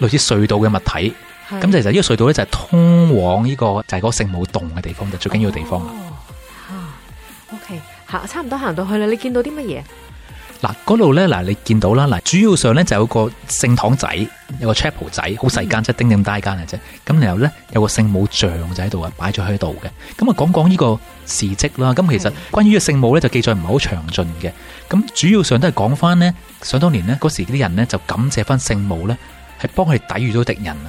類似隧道嘅物體，咁其實呢個隧道咧就係通往呢個就係嗰聖母洞嘅地方，就最緊要嘅地方啦。哦，oh，OK，行差唔多行到去啦，你見到啲乜嘢？嗱，嗰度咧，嗱，你見到啦，嗱，主要上咧就有個聖堂仔，有個 chapel 仔，好細、嗯、間啫，丁丁大間嘅啫。咁然後咧有個聖母像就喺度啊，擺咗喺度嘅。咁啊，講講呢個事蹟啦。咁其實關於聖母咧，就記載唔係好詳盡嘅。咁主要上都係講翻呢。想當年呢，嗰時啲人呢，就感謝翻聖母咧，係幫佢哋抵禦到敵人啊。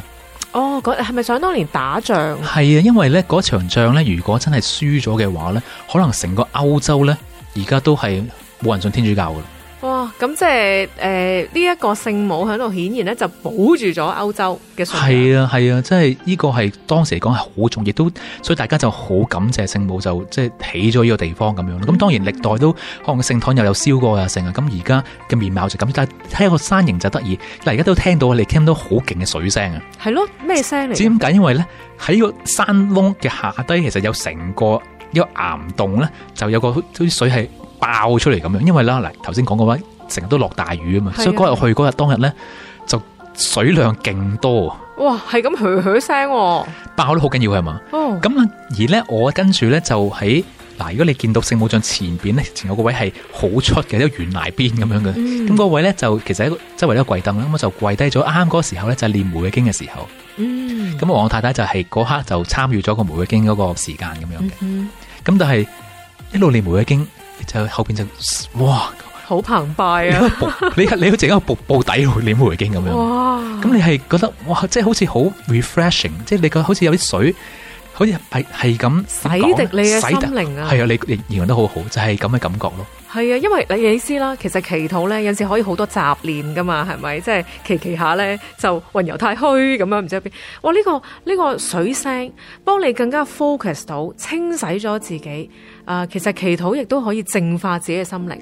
哦，嗰係咪想當年打仗？係啊，因為咧嗰場仗咧，如果真係輸咗嘅話咧，可能成個歐洲咧而家都係冇人信天主教噶。哇！咁即係誒，呃這個、呢一個聖母喺度，顯然咧就保住咗歐洲嘅信仰。係啊係啊，即係呢個係當時嚟講係好重要，亦都所以大家就好感謝聖母就，就即係起咗呢個地方咁樣咯。咁當然歷代都、嗯、可能聖堂又有燒過啊成啊，咁而家嘅面貌就咁。但係睇個山形就得意，嗱而家都聽到你哋聽到好勁嘅水聲啊！係咯，咩聲嚟？只因咁解，因為咧喺個山窿嘅下低，其實有成個一、這個岩洞咧，就有個啲水係。爆出嚟咁樣，因為啦，嗱，頭先講嗰位成日都落大雨啊嘛，的所以嗰日去嗰日當日咧就水量勁多啊！哇，係咁響響聲，爆得好緊要係嘛？哦，咁、哦、而咧我跟住咧就喺嗱，如果你見到聖母像前邊咧，前有個位係好出嘅，一個懸崖邊咁樣嘅，咁、嗯、個位咧就其實喺周圍一個跪凳，啦，咁我就跪低咗，啱嗰個時候咧就係念《玫瑰經》嘅時候，嗯，咁我太太就係、是、嗰刻就參與咗個《嗯嗯、玫瑰經》嗰個時間咁樣嘅，咁但係一路念《玫瑰經》。就後邊就哇，好澎湃啊你！你你去淨一個瀑布底唸回經咁樣，咁哇 你係覺得哇，即、就、係、是、好似好 refreshing，即係你覺得好似有啲水，好似係係咁洗滌你嘅心靈啊洗！係啊，你形容得好好，就係咁嘅感覺咯。係啊，因為你知啦，其實祈禱咧有陣時可以好多雜念噶嘛，係咪？即係祈祈下咧就魂遊太虛咁樣，唔知喺邊。哇，呢、這個呢、這個水聲幫你更加 focus 到，清洗咗自己。誒、呃，其實祈禱亦都可以淨化自己嘅心靈。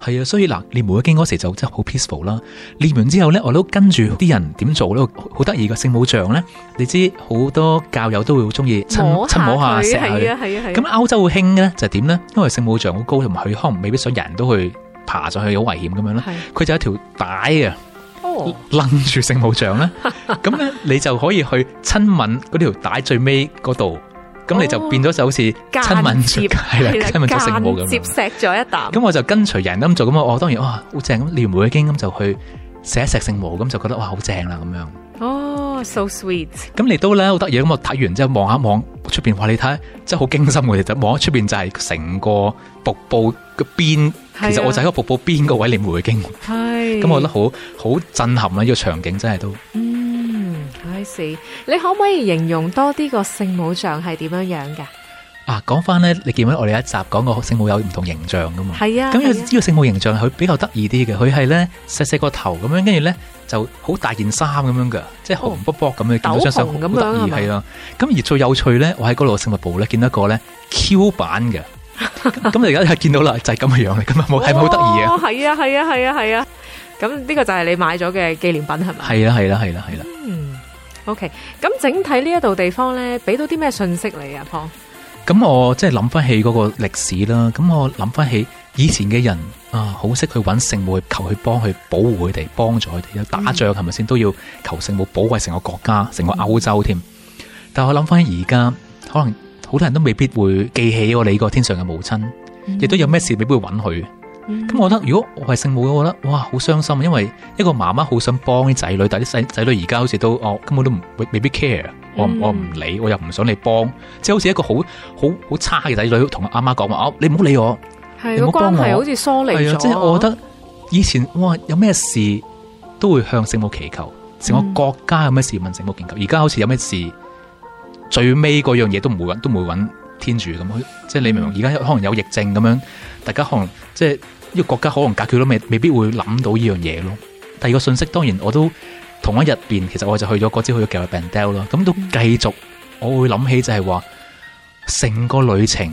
係啊，所以嗱，念玫瑰經嗰時就真係好 peaceful 啦。練完之後咧，我都跟住啲人點做咧，好得意嘅聖母像咧。你知好多教友都會好中意親親摸下、錫下佢。咁歐洲會興嘅咧就係點咧？因為聖母像好高同埋佢可能，未必想人都去爬上去好危險咁樣啦。佢就一條帶啊，拎住聖母像啦，咁咧你就可以去親吻嗰條帶最尾嗰度。咁你就變咗就好似親吻住，係啦，親吻住聖母咁樣，間接錫咗一啖。咁我就跟隨人咁做，咁我當然哇好正咁念玫瑰經，咁就去錫一錫聖母，咁就覺得哇好正啦咁樣。哦，so sweet。咁你都咧好得意咁，我睇完之後望一望出邊話你睇，真係好驚心嘅其實。望喺出邊就係成個瀑布個邊，其實我就喺個瀑布邊個位念玫瑰經。係。咁我覺得好好震撼啊！呢個場景真係都。你可唔可以形容多啲個聖母像係點樣樣嘅？啊，講翻咧，你見唔見我哋一集講個聖母有唔同形象噶嘛？係啊。咁呢、嗯啊、個聖母形象佢比較得意啲嘅，佢係咧細細個頭咁樣，跟住咧就好大件衫咁樣嘅，即係紅卜卜咁樣，你見到張相好得意，係、哦、啊。咁而最有趣咧，我喺嗰度嘅聖物部咧見到一個咧 Q 版嘅，咁你而家係見到啦，就係咁嘅樣嚟，咁係咪好得意啊？係啊，係啊，係啊，係啊。咁、嗯、呢、這個就係你買咗嘅紀念品係咪？係啊，係啦、啊，係啦、啊，係啦、啊。O K，咁整體呢一度地方咧，俾到啲咩信息你啊？龐，咁我即係諗翻起嗰個歷史啦。咁我諗翻起以前嘅人啊，好識去揾聖母求幫去幫佢，保護佢哋，幫助佢哋。有打仗係咪先都要求聖母保衛成個國家，成個歐洲添。嗯、但係我諗翻而家，可能好多人都未必會記起我哋個天上嘅母親，亦都、嗯、有咩事未必會揾佢。咁、嗯、我覺得如果我係聖母，我覺得哇好傷心，因為一個媽媽好想幫啲仔女，但啲細仔女而家好似都哦根本都唔未必 care，我、嗯、我唔理，我又唔想你幫，嗯、即係好似一個好好好差嘅仔女同阿媽講話，哦你唔好理我，你唔好幫我，係呀，個關係好似疏離咗。即係、就是、我覺得以前哇有咩事都會向聖母祈求，嗯、整個國家有咩事問聖母祈求，而家好似有咩事最尾嗰樣嘢都唔會搵，都唔會,都唔會搵天主咁，即係你明唔明？而家可能有疫症咁樣，大家可能,大家可能,大家可能即係。呢個國家可能解決都未未必會諗到呢樣嘢咯。第二個信息當然我都同一日邊，其實我就去咗嗰次去咗 Garabandal 啦，咁都繼續、嗯、我會諗起就係話成個旅程，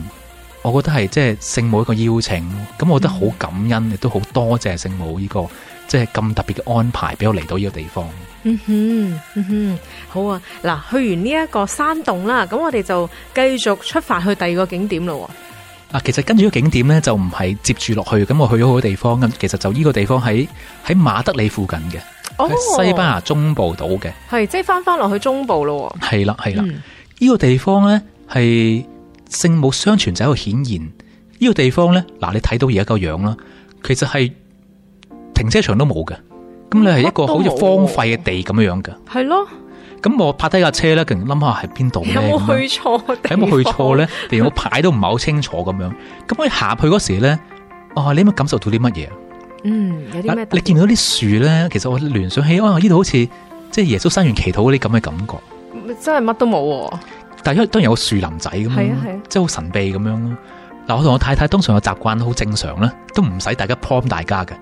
我覺得係即係聖母一個邀請，咁、嗯、我覺得好感恩亦都好多謝聖母呢、這個即係咁特別嘅安排，俾我嚟到呢個地方。嗯哼嗯哼，好啊！嗱，去完呢一個山洞啦，咁我哋就繼續出發去第二個景點咯。嗱，其實跟住個景點咧就唔係接住落去，咁我去咗好多地方，咁其實就呢個地方喺喺馬德里附近嘅，喺、oh. 西班牙中部度嘅，係即係翻翻落去中部咯。係啦係啦，呢、嗯、個地方咧係聖母相傳就一個顯現，呢、這個地方咧嗱你睇到而家個樣啦，其實係停車場都冇㗎，咁你係一個好似荒廢嘅地咁樣樣㗎，係咯。咁我拍低架車咧，勁諗下喺邊度咧？有冇去錯？有冇去錯咧？連我牌都唔係好清楚咁樣。咁我下去嗰時咧，啊，你有冇感受到啲乜嘢啊？嗯，有啲你見到啲樹咧？其實我聯想起啊，呢度好似即係耶穌山園祈禱嗰啲咁嘅感覺。真係乜都冇，啊，但係都都有樹林仔咁。係啊係啊，啊即係好神秘咁樣咯。嗱，啊，我同我太太通常嘅習慣好正常啦，都唔使大家 point 大家嘅。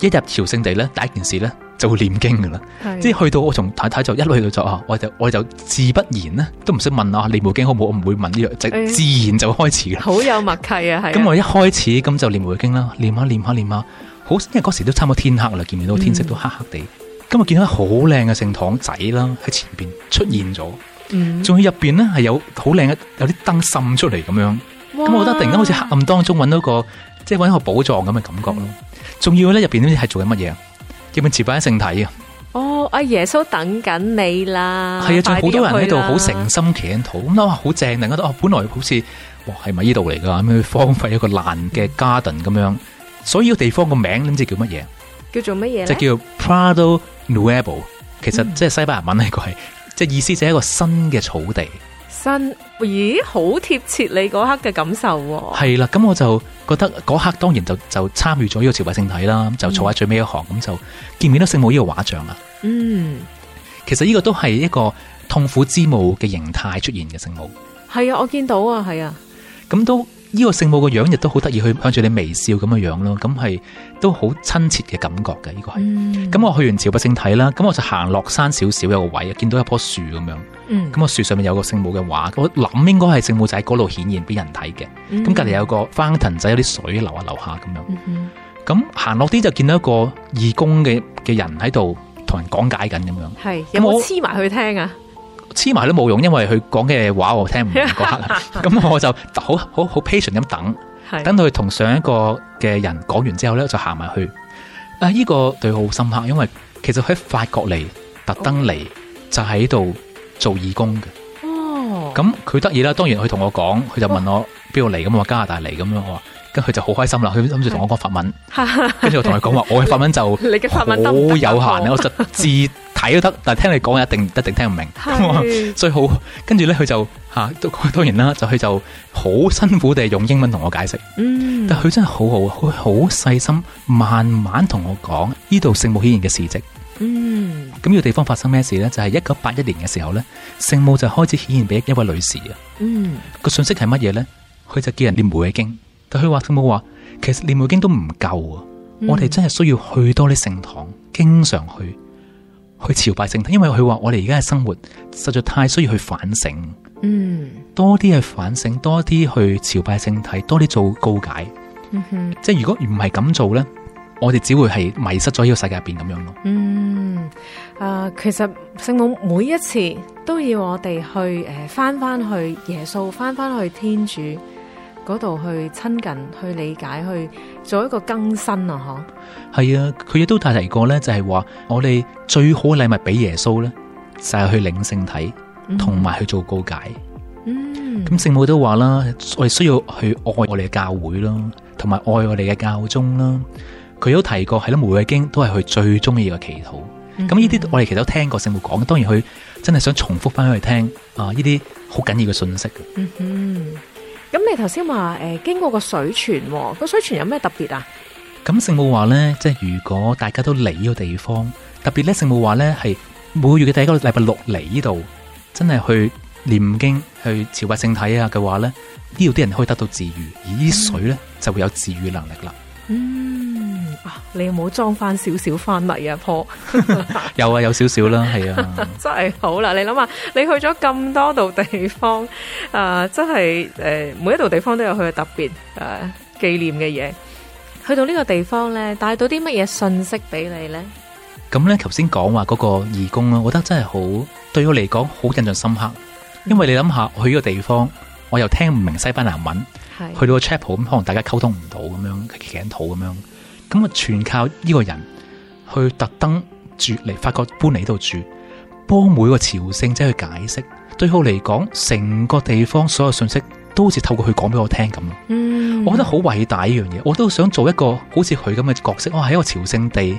一入朝聖地咧，第一件事咧就會念經噶啦，即係是去到我從太太就一路去到就啊，我哋我就自不然啦，都唔識問啊，念無驚好唔好？我唔會問呢樣，哎、就自然就開始嘅。好有默契啊！咁、啊嗯、我一開始咁就念無驚啦，念下念下念下，好因為嗰時都差唔多天黑啦，見唔到天色都黑黑地。今日、嗯嗯、見到好靚嘅聖堂仔啦喺前邊出現咗，仲要入邊咧係有好靚嘅，有啲燈滲出嚟咁樣。咁哇我覺得突然間好似黑暗當中揾到個。即係搵個寶藏咁嘅感覺咯，仲、嗯、要咧入邊呢啲係做緊乜嘢？叫邊朝拜聖體啊！哦，阿耶穌等緊你啦！係啊的，仲好多人喺度好誠心祈緊禱咁好正，大家都哦，本來好似哇係咪依度嚟噶？咁樣荒廢一個爛嘅 garden 咁樣，所以個地方個名唔知叫乜嘢？叫做乜嘢？就叫 Prado Nuevo，嗯、其實即係西班牙文係個係，即係意思就係一個新嘅草地。但咦，好貼切你嗰刻嘅感受係、哦、啦，咁我就覺得嗰刻當然就就參與咗呢個朝拜聖體啦，就坐喺最尾一行，咁、嗯、就見唔見到聖母呢個畫像啊？嗯，其實呢個都係一個痛苦之母嘅形態出現嘅聖母，係啊，我見到啊，係啊，咁都。呢個聖母個樣亦都好得意，去向住你微笑咁樣樣咯，咁係都好親切嘅感覺嘅，呢、呢個係。咁、嗯、我去完朝拜聖體啦，咁我就行落山少少有個位，見到一棵樹咁樣。咁個、嗯、樹上面有個聖母嘅畫，我諗應該係聖母仔嗰度顯現俾人睇嘅。咁隔籬有個噴泉仔，有啲水流下流下咁樣。咁行落啲就見到一個義工嘅嘅人喺度同人講解緊咁是樣。係，有冇黐埋去聽啊？黐埋都冇用，因為佢講嘅話我聽唔明嗰刻，咁 我就好好好 patience 咁等，等到佢同上一個嘅人講完之後咧，就行埋去。啊，依、呢個對我好深刻，因為其實佢喺法國嚟特登嚟、哦、就喺度做義工嘅。哦，咁佢得意啦，當然佢同我講，佢就問我邊度嚟咁啊，哦、加拿大嚟咁樣喎，跟佢就好開心啦，佢諗住同我講法文， 跟住我同佢講話，我嘅法文就好 有限 我就知。係都得，但係聽你講，一定一定聽唔明。係。是的 最好，跟住咧，佢就吓、啊，當然啦，就佢就好辛苦地用英文同我解釋。嗯、但佢真係好好，佢好細心，慢慢同我講呢度聖母顯現嘅事蹟。嗯，咁呢個地方發生咩事咧？就係一九八一年嘅時候咧，聖母就開始顯現俾一位女士啊。嗯個訊，個信息係乜嘢咧？佢就叫人念玫瑰經，但佢話聖母話，其實念玫瑰經都唔夠啊，嗯、我哋真係需要多去多啲聖堂，經常去。去朝拜聖體，因為佢話我哋而家嘅生活實在太需要去反省，嗯，多啲去反省，多啲去朝拜聖體，多啲做告解，嗯哼，即係如果唔係咁做咧，我哋只會係迷失咗呢個世界入邊咁樣咯。嗯，啊、呃，其實聖母每一次都要我哋去誒翻翻去耶穌，翻翻去天主。嗰度去親近、去理解、去做一個更新啊！嗬，係啊，佢亦都提過咧，就係話我哋最好嘅禮物俾耶穌咧，就係去領聖體，同埋去做告解。嗯，咁聖母都話啦，我哋需要去愛我哋嘅教會啦，同埋愛我哋嘅教宗啦。佢都提過、就是，係咯，玫瑰經都係佢最中意嘅祈禱。咁呢啲我哋其實都聽過聖母講，當然佢真係想重複翻去佢聽啊！呢啲好緊要嘅信息嗯哼、嗯。咁你頭先話誒，經過個水泉，個水泉有咩特別啊？咁聖母話咧，即係如果大家都嚟呢個地方，特別咧聖母話咧係每個月嘅第一個禮拜六嚟呢度，真係去念經去朝拜聖體啊嘅話咧，呢度啲人可以得到治癒，而啲水咧、嗯、就會有治癒能力啦。嗯。啊、你有冇裝翻少少翻嚟啊？坡 有啊，有少少啦，係啊， 啊，真係好啦！你諗下，你去咗咁多度地方，誒，真係誒，每一度地方都有佢嘅特別誒紀念嘅嘢。去到呢個地方咧，帶到啲乜嘢信息俾你咧？咁咧，頭先講話嗰個義工啦，我覺得真係好，對我嚟講好印象深刻。因為你諗下，去呢個地方，我又聽唔明西班牙文，的去到個 chapel，咁可能大家溝通唔到，咁樣祈禱。咁樣。咁啊，全靠呢個人去特登住嚟，發覺搬嚟度住，幫每個朝聖者去解釋。對我嚟講，成個地方所有信息都好似透過佢講俾我聽咁。嗯，我覺得好偉大一樣嘢，我都想做一個好似佢咁嘅角色。我、啊、喺一個朝聖地，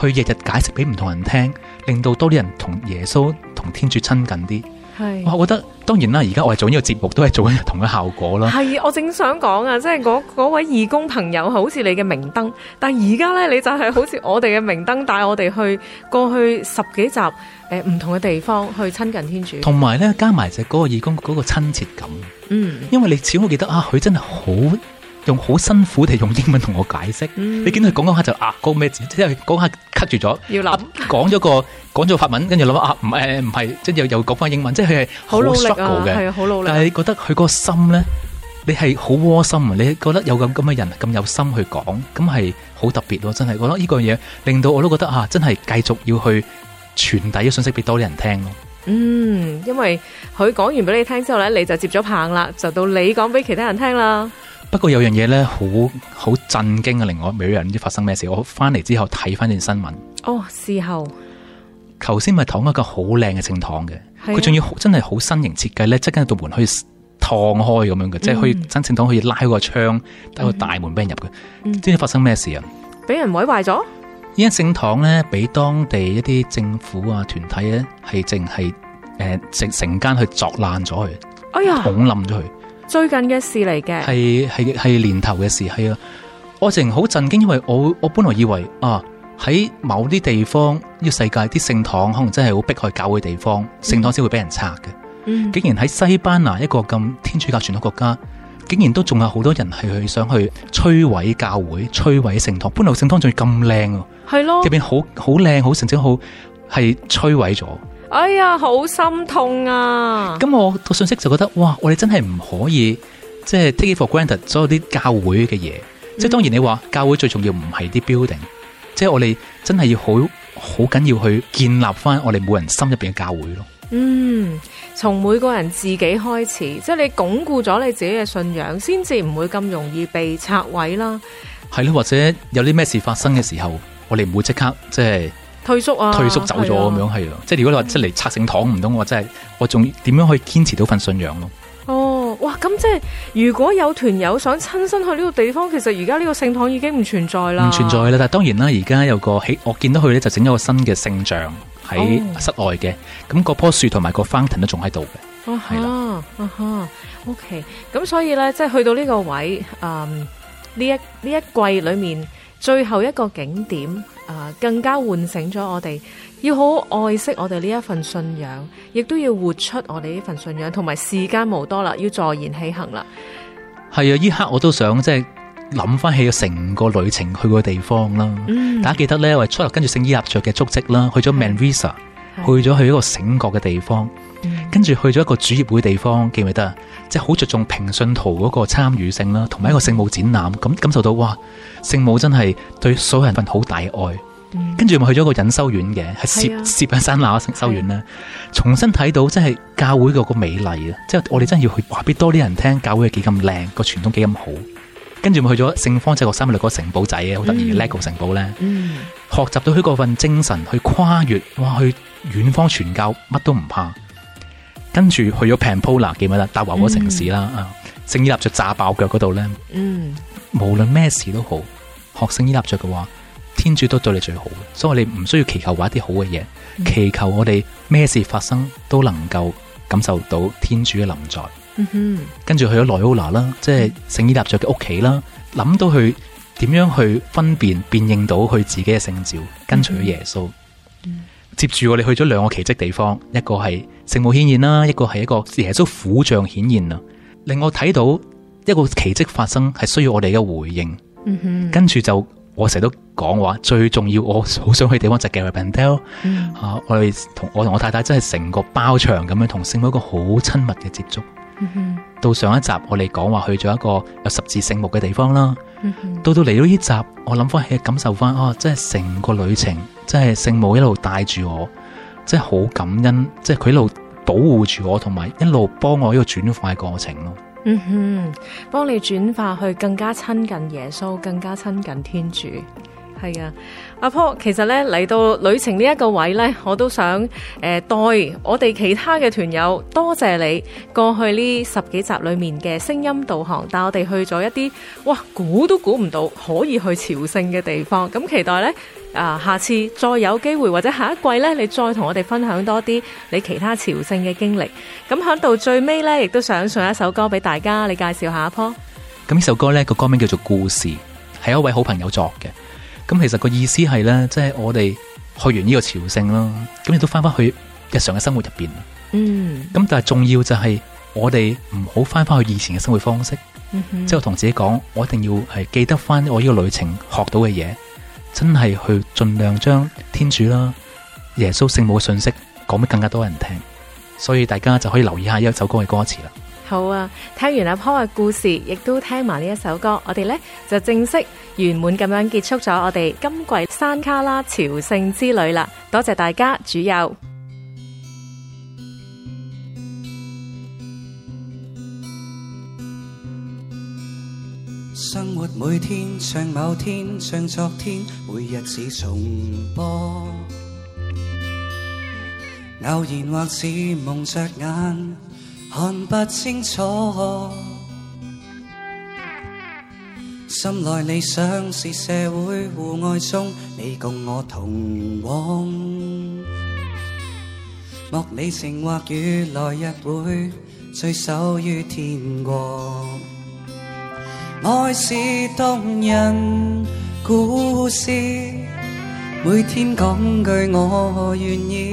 去日日解釋俾唔同人聽，令到多啲人同耶穌同天主親近啲。是我覺得當然啦，而家我係做呢個節目，都係做緊同一嘅效果啦。係，我正想講啊，即係嗰位義工朋友，好似你嘅明燈，但係而家咧，你就係好似我哋嘅明燈，帶我哋去過去十幾集誒唔同嘅地方去親近天主，同埋咧加埋就係嗰個義工嗰個親切感。嗯，因為你始終會記得啊，佢真係好。用好辛苦地用英文同我解釋，你見到佢講講下就啊嗰咩字，即係講下卡住咗，講咗個講咗法文，跟住諗啊唔係誒唔係，即係又又講翻英文，即係佢係好努力啊，係啊好努力。但係你覺得佢個心咧，你係好窩心啊！你覺得有咁咁嘅人咁有心去講，咁係好特別咯，真係。我覺得呢個嘢令到我都覺得吓，真係繼續要去傳遞啲信息俾多啲人聽咯。嗯，因為佢講完俾你聽之後咧，你就接咗棒啦，就到你講俾其他人聽啦。不過有樣嘢咧，好好震驚啊！令我每人，唔知發生咩事。我翻嚟之後睇翻件新聞。哦，事後，頭先咪躺一個好靚嘅聖堂嘅，佢仲要真係好新型設計咧，即係嗰道門可以趟開咁樣嘅，即係可以真正、嗯、堂可以拉開個窗，得個大門俾人入嘅。嗯、知唔知發生咩事啊？俾人毀壞咗。依間聖堂咧，俾當地一啲政府啊團體咧、啊，係淨係誒成成間去鑿爛咗佢，哎呀，捅冧咗佢。最近嘅事嚟嘅，係係係年頭嘅事，係啊！我成好震驚，因為我我本來以為啊，喺某啲地方呢、這個世界啲聖堂可能真係好迫害教會地方，嗯、聖堂先會俾人拆嘅。嗯，竟然喺西班牙一個咁天主教傳統國家，竟然都仲有好多人係去想去摧毀教會、摧毀聖堂。本來聖堂仲要咁靚，係咯，入邊好好靚，好成績好係摧毀咗。哎呀，好心痛啊！咁我個信息就覺得，哇，我哋真係唔可以，即係 take it for granted 所有啲教會嘅嘢。即係，嗯，當然你，你話教會最重要唔係啲 building，即係我哋真係要好好緊要去建立翻我哋每人心入邊嘅教會咯。嗯，從每個人自己開始，即係你鞏固咗你自己嘅信仰，先至唔會咁容易被拆毀啦。係咯，或者有啲咩事發生嘅時候，我哋唔會即刻，即係……退縮啊！退縮走咗咁樣係咯，即係如果你話、嗯、即係嚟拆聖堂唔到我，真係我仲點樣可以堅持到份信仰咯？哦，哇！咁即係如果有團友想親身去呢個地方，其實而家呢個聖堂已經唔存在啦，唔存在啦。但係當然啦，而家有個喺我見到佢咧就整咗個新嘅聖像喺室外嘅，咁嗰棵樹同埋個 fountain 都仲喺度嘅。哦，係啦，啊哈，的啊哈，OK。咁所以咧，即係去到呢個位，嗯，呢一呢一季裏面最後一個景點。啊，更加喚醒咗我哋，要好好愛惜我哋呢一份信仰，亦都要活出我哋呢份信仰，同埋時間冇多啦，要坐言起行啦。係啊，依刻我都想即係諗翻起成個旅程去個地方啦。嗯、大家記得呢，我初嚟跟住聖伊納爵嘅足跡啦，去咗 Manresa，去咗去一個醒覺嘅地方。跟住、嗯、去咗一個主業會地方，記唔記得啊？即係好着重平信圖嗰個參與性啦，同埋一個聖母展覽，咁感受到哇！聖母真係對所有人份好大愛。跟住咪去咗一個隱修院嘅，係攝攝喺山罅嘅修院咧，啊、重新睇到真係教會嗰個美麗啊！嗯嗯、即係我哋真係要去，話俾多啲人聽教會係幾咁靚，個傳統幾咁好？跟住咪去咗聖方濟各三六嗰城堡仔，好得意嘅 LEGO 城堡咧。嗯，嗯，嗯，學習到佢嗰份精神去跨越，哇！去遠方傳教乜都唔怕。跟住去咗潘普納，記唔記得達華嗰個城市啦？嗯、啊，聖伊納爵炸爆腳嗰度咧，嗯、無論咩事都好，學聖伊納爵嘅話，天主都對你最好嘅，所以我哋唔需要祈求話一啲好嘅嘢，嗯、祈求我哋咩事發生都能夠感受到天主嘅臨在。嗯哼，跟住去咗萊奧納啦，即係聖伊納爵嘅屋企啦，諗到佢點樣去分辨辨認到佢自己嘅聖召，跟隨耶穌。嗯哼嗯接住我哋去咗兩個奇迹地方，一個係聖母顯現啦，一個係一個耶穌苦像顯現啊，令我睇到一個奇迹發生係需要我哋嘅回應。跟住、嗯、哼就我成日都講話，最重要我好想去地方就係 Garabandal。吓、嗯，uh, 我哋同我同我太太真係成個包場咁樣同聖母一個好親密嘅接觸。嗯、哼到上一集我哋講話去咗一個有十字聖木嘅地方啦。嗯、到到嚟到呢集，我諗翻起感受翻，哦、啊，即係成個旅程，嗯、即係聖母一路帶住我，即係好感恩，即係佢一路保護住我，同埋一路幫我呢個轉化嘅過程咯。嗯哼，幫你轉化去更加親近耶穌，更加親近天主，係啊。阿坡，其實咧，嚟到旅程呢一個位咧，我都想誒、呃、代我哋其他嘅團友多謝你過去呢十幾集裏面嘅聲音導航，帶我哋去咗一啲哇估都估唔到可以去朝聖嘅地方，咁、嗯、期待咧，啊下次再有機會或者下一季咧，你再同我哋分享多啲你其他朝聖嘅經歷。咁響到最尾咧，亦都想上一首歌俾大家，你介紹下阿坡。咁呢首歌呢個歌名叫做故事，係一位好朋友作嘅。咁其實個意思係咧，即係我哋學完呢個朝聖咯，咁亦都翻翻去日常嘅生活入邊。嗯、mm，咁、hmm. 但係重要就係我哋唔好翻翻去以前嘅生活方式，mm hmm. 即係同自己講，我一定要係記得翻我呢個旅程學到嘅嘢，真係去盡量將天主啦、耶穌聖母嘅信息講俾更加多人聽。所以大家就可以留意一下一首歌嘅歌詞啦。好啊！聽完阿坡嘅故事，亦都聽埋呢一首歌，我哋呢就正式圓滿咁樣結束咗我哋今季山卡拉朝聖之旅啦！多謝大家，主佑。生活每天像某天像昨天，每日似重播，偶然或是蒙着眼。看不清楚，心內理想是社會互愛中，你共我同往。莫理晴或雨，來日會聚首於天國。愛是動人故事，每天講句我願意。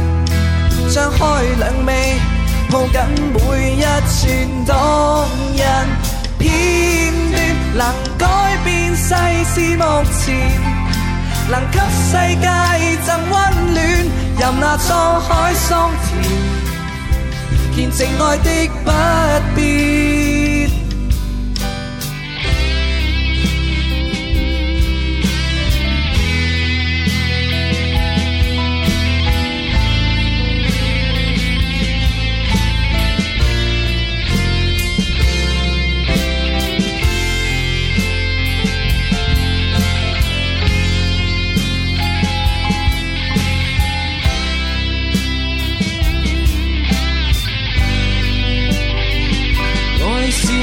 張開兩臂，抱緊每一寸動人片段，能改變世事目前，能給世界贈温暖，任那滄海桑田，見證愛的不變。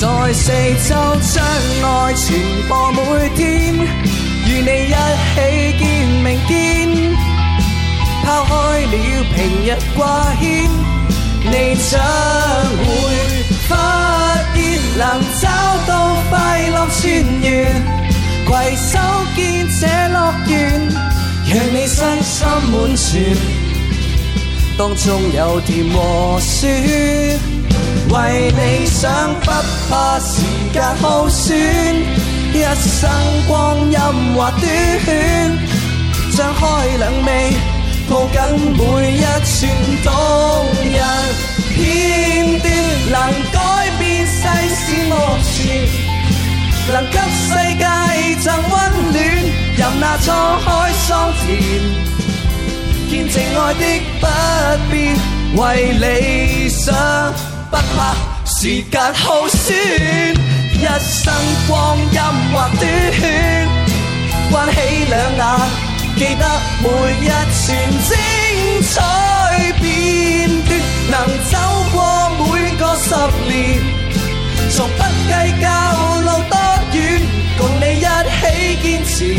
在四周將愛傳播，每天與你一起見明天。拋開了平日掛牽，你將會發現能找到快樂泉源。携手建這樂園，讓你身心滿全，當中有甜和酸。為理想不怕時間耗損，一生光陰或短暫，張開兩臂抱緊每一寸動人片段，能改變世事萬千，能給世界贈温暖，任那滄海桑田，見證愛的不變，為理想，不怕時間耗損，一生光陰或短。關起兩眼，記得每一段精彩片段。能走過每個十年，從不計較路多遠。共你一起堅持，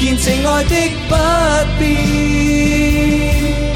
見證愛的不變。